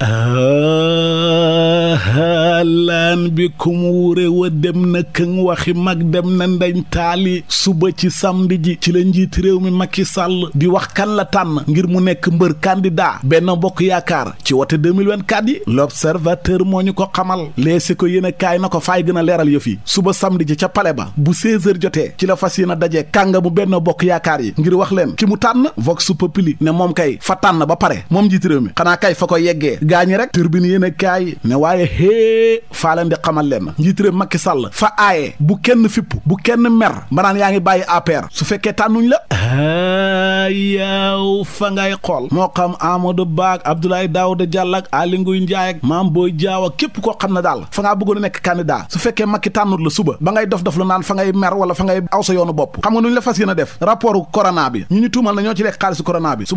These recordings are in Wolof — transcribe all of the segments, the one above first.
halaan bikum wuure wa dem na këng waxi mag dem na ndañ taali suba ci samedi ji ci la njiit réew mi Macky Sall di wax kan la tànn ngir mu nekk mbër candidat Benno Bokk Yaakaar ci wote 2024 yi l'observateur moo ñu ko xamal leesi ko yéen a kaay na ko fay gën a leeral yëf suba samedi ji ca pale ba bu 16h jotee ci la fas yéen a dajee kànga mu Benno Bokk Yaakaar yi ngir wax leen ki mu tànn Vox Populi ne moom kay fa tànn ba pare moom njiit réew mi xanaa kay fa ko yeggee gaañi rek turbine yéen a kaay ne waaye hée faa leen di xamal leen njiit réew Macky fa aaye bu kenn fipp bu kenn mer mbanaan yaa ngi bàyyi APR su fekkee tànnuñ la yaaw fa ngay xool moo xam Amadou Ba ak Abdoulaye Daouda Diallo ak Aly Ngouille Ndiaye ak Mame Boye Diao ak képp koo xam ne daal fa ngaa bëggoon a nekk candidat su fekkee Macky tànnut la suba ba ngay dof dof la naan fa ngay mer wala fa ngay aw yoonu bopp xam nga nu la fas yéen a def rapport corona bi ñu ñu tuumal na ñoo ci lekk xaalisu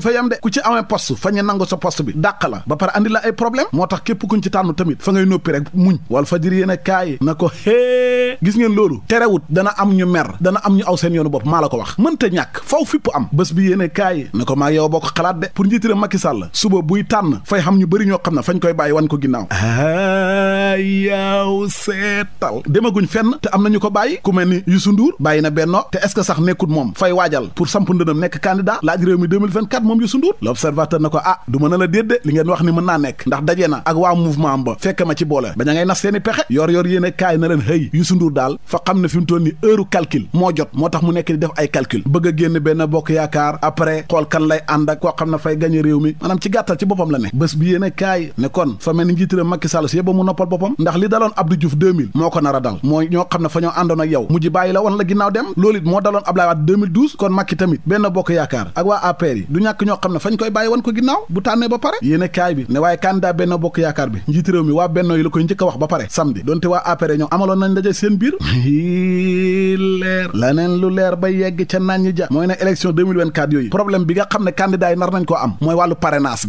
duñ am yem de ku ci amee poste fa nangu sa poste bi dàq la ba pare andi la ay problème moo tax képp kuñ ci tànnu tamit fa ngay noppi rek muñ wal fajir yéen a kaay na ko hee gis ngeen loolu terewut dana am ñu mer dana am ñu aw seen yoonu bopp maa la ko wax mënta ñàkk faw fipp am bés bi yéen a kaay na ko maa yow boo ko xalaat de pour njiitira Macky Sall suba buy tànn fay xam ñu bëri ñoo xam ne fañ koy bàyyi wan ko ginnaaw ah, yaaw seetal demaguñ fenn te am nañu ko bàyyi ku mel ni Youssou bàyyi na Benno te est-ce que sax nekkut moom fay waajal pour samp ndënam nekk candidat laaj réew mi 2024 moom Youssou Ndour l'observateur na ko ah du mën a la déedéet li ngeen wax ni mën naa nekk ndax dajee na ak waa mouvement ba fekk ma ci boole baña ngay nas seeni pexe yor yor yéen kaay na leen xëy Youssou Ndour daal fa xam ne fi ni heure calcul moo jot moo tax mu nekk boppam ndax li daloon Abdou Diouf 2000 moo ko nar a dal mooy ñoo xam ne fa ñoo àndoon ak mujj bàyyi la woon la ginnaaw dem loolu moo daloon Ablaye Wade 2012 kon Macky tamit benn bokk yaakaar ak waa APR yi du ñàkk ñoo xam ne fañ koy bàyyi woon ko ginnaaw bu tànnee ba pare yéene kaay bi ne waaye candidat benn bokk yaakaar bi njiiti mi waa benno la koy njëkk a wax ba pare samedi donte waa APR ñoom amaloon nañ daje seen biir leer laneen lu leer ba yegg ca naan ñi ja mooy ne élection bi nga xam ne candidat yi nar nañ koo am mooy wàllu parrainage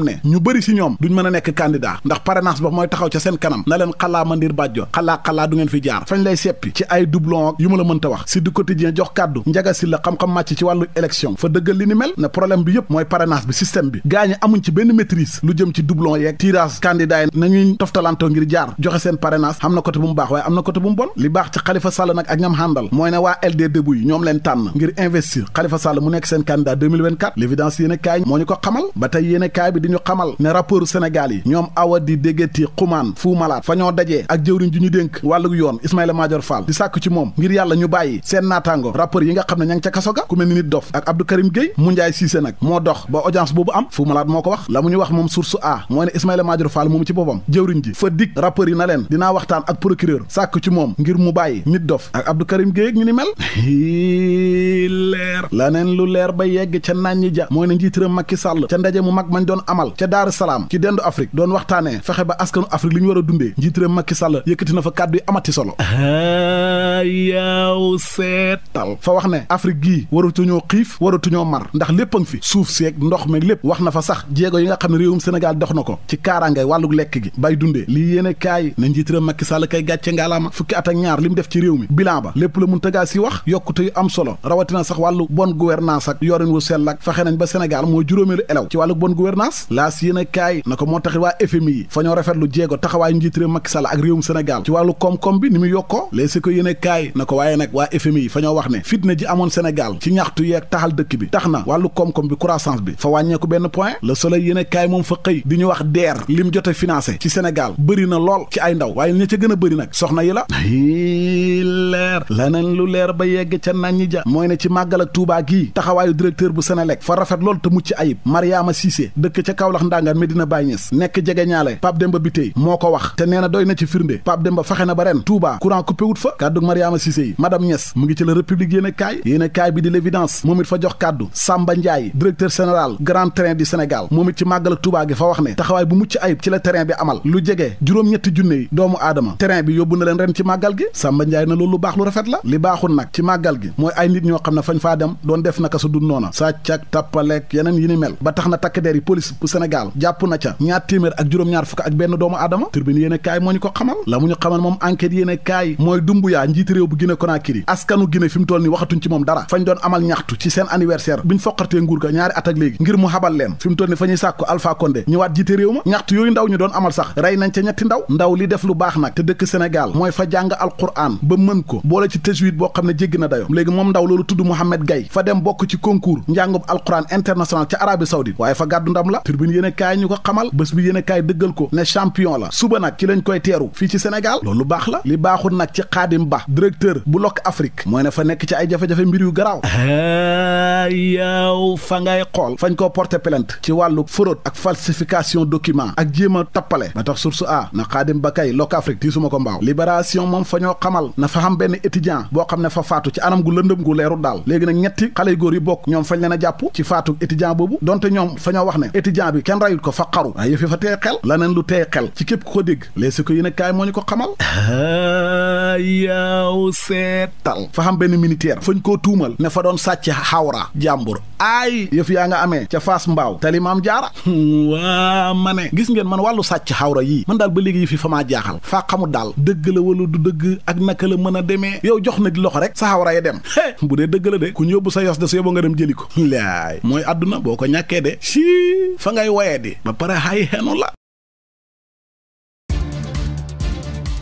ne ñu bëri si ñoom duñ mën a nekk candidat ndax parrainage ba mooy ca seen kanam na leen xalaa mandir bàjjo xalaa xalaa du ngeen fi jaar fañ lay seppi ci ay doublon yu ma la mënta wax si du quotidien jox kàddu njaga si la xam-xam màcc ci wàllu élection fa dëggal li ni mel ne problème bi yëpp mooy parrainage bi système bi gaañi amuñ ci benn maîtrise lu jëm ci doublon yeeg tirage candidat yi nañuy toftalantoo ngir jaar joxe seen parrainage am na côté bu mu baax waaye am na côté bu mu bon li baax ci xalifa sàll nag ak ba tey yéen kaay bi di ñu xamal ne rapport Sénégal yi ñoom awa di fanaan fu malaat fa ñoo dajee ak jëwriñ ju ñu dénk wàllu yoon Ismaïla Madior Fall di sàkk ci moom ngir yàlla ñu bàyyi seen naataango rapport yi nga xam ne ña ca kaso ga ku mel ni nit dof ak Abdou Karim mu njaay Cissé nag moo dox ba audience boobu am fu malaat moo ko wax la mu ñu wax moom source a mooy ne Ismaïla Madior Fall moomu ci boppam jëwriñ ji fa dig rapport na leen dinaa waxtaan ak procureur sàkk ci moom ngir mu bàyyi nit dof ak Abdou Karim Afrique li ñu war a dundee njiitu réew Macky Sall na fa kàddu yi amati solo ah, yaaw seetal fa wax ne Afrique gii waratuñoo xiif waratuñoo mar ndax lépp fi suuf seeg ndox meeg lépp wax na fa sax jéego yi nga xam ne réewum Sénégal dox na ko ci kaaraangay wàllu lekk gi bay dundee lii yéene kaay na njiitu réew Macky Sall kay gàcce ngaalaama fukki at ak ñaar li mu def ci réew mi bilan ba lépp la mun tëgaa si wax yokkute yu am solo rawatina sax wàllu bon gouvernance ak yorin wu sell ak fexe nañ ba Sénégal moo juróomeelu elew ci wàllu bonne gouvernance laas na ko moo tax waa FMI yi fa rafetlu jéego taxawaayu njiit réew Macky Sall ak réewum Sénégal ci wàllu koom-koom bi ni mu yokkoo léeg si ko yéene kaay na ko waaye nag waa FMI fa ñoo wax ne fitna ji amoon Sénégal ci ñaxtu yeeg taxal dëkk bi tax na wàllu koom-koom bi croissance bi fa wàññeeku benn point la soleil yéene kaay moom fa xëy di ñu wax deer lim jote financé ci Sénégal bëri na lool ci ay ndaw waaye ña ca gën a bëri nag soxna yi la leer laneen lu leer ba yegg ca nañ ja mooy ne ci màggal ak Tuubaa gii taxawaayu directeur bu Senelec fa rafet lool te mucc ayib Mariama Cissé dëkk ca Kaolack ndangaan Medina Baye Niass nekk jegeñaale Pape Demba Bitèye moo ko wax te nee na doy na ci firnde Pape Demba fexe na ba ren Touba courant coupé wut fa kàddug Mariama Cissé yi madame Niass mu ngi ci la république yéen a kaay a kaay bi di l'évidence moom it fa jox kàddu Samba Ndiaye directeur général grand train du Sénégal moom it ci màggal ak gi fa wax ne taxawaay bu mucc ayib ci la terrain bi amal lu jege juróom-ñetti junne yi doomu aadama terrain bi yóbbu na leen ren ci màggal gi Samba Ndiaye na loolu lu ay nit ñoo xam ne fañ dem doon def naka su dul noona ba tax na takk der yi police bu Sénégal jàpp na ca ñaar téeméer ak juróom-ñaar fukk ak benn doomu aadama Adama turbine yéen a kaay moo ñu ko xamal la mu ñu xamal moom enquête yéen a kaay mooy Dumbuya njiiti réew bu Guinée Conakry askanu Guinée fi toll ni waxatuñ ci moom dara fañ doon amal ñaxtu ci seen anniversaire biñ foqartee nguur ga ñaari at ak léegi ngir mu xabal leen fi toll ni fa ñuy sàkku Alpha Condé ñëwaat jiite réew ma ñaxtu yooyu ndaw ñu doon amal sax rey nañ ca ñetti ndaw ndaw li def lu baax nag te dëkk Sénégal mooy fa jàng alquran ba mën ko a loola suba nag ci lañ koy teeru fii ci Sénégal loolu baax la li baaxul nag ci Xaadim Ba directeur bu Lok afrik mooy ne fa nekk ci ay jafe-jafe mbir yu garaaw ah, yaaw fa ngay xool fañ ko porté plainte ci wàllu fraude ak falsification document ak jéem a tappale ba tax source a na Xaadim Ba kay Lok Afrique tii suma ko mbaaw libération moom fa ñoo xamal na fa xam benn étudiant boo xam ne fa faatu ci anam gu lëndëm gu leeru daal léegi nag ñetti xale yu góor yi bokk ñoom fañ leen jàpp ci faatu étudiant boobu donte ñoom fa wax ne étudiant bi kenn rayul ko fa xaru waaye yëfi fa tey xel laneen lu tey xel ci képp ku ko dégg les si ko yéen a kaay moo ñu ko xamal ah, yaaw seetal fa xam benn militaire fañ koo tuumal ne fa doon sàcc xawra jàmbur aay yëf yaa nga amee ca Fass Mbaaw tali maam jaara waa ma ne gis ngeen man wàllu sàcc xawra yii man daal ba léegi yëf yi fa maa jaaxal faa xamul daal dëgg la wala du dëgg ak naka la mën a demee yow jox na di loxo rek sa xawra ya dem bu dee dëgg la de ku ñu yóbbu sa yos de su yóbbu nga dem jëli ko laay mooy àdduna boo ko ñàkkee de fa ngay woyee di ba pare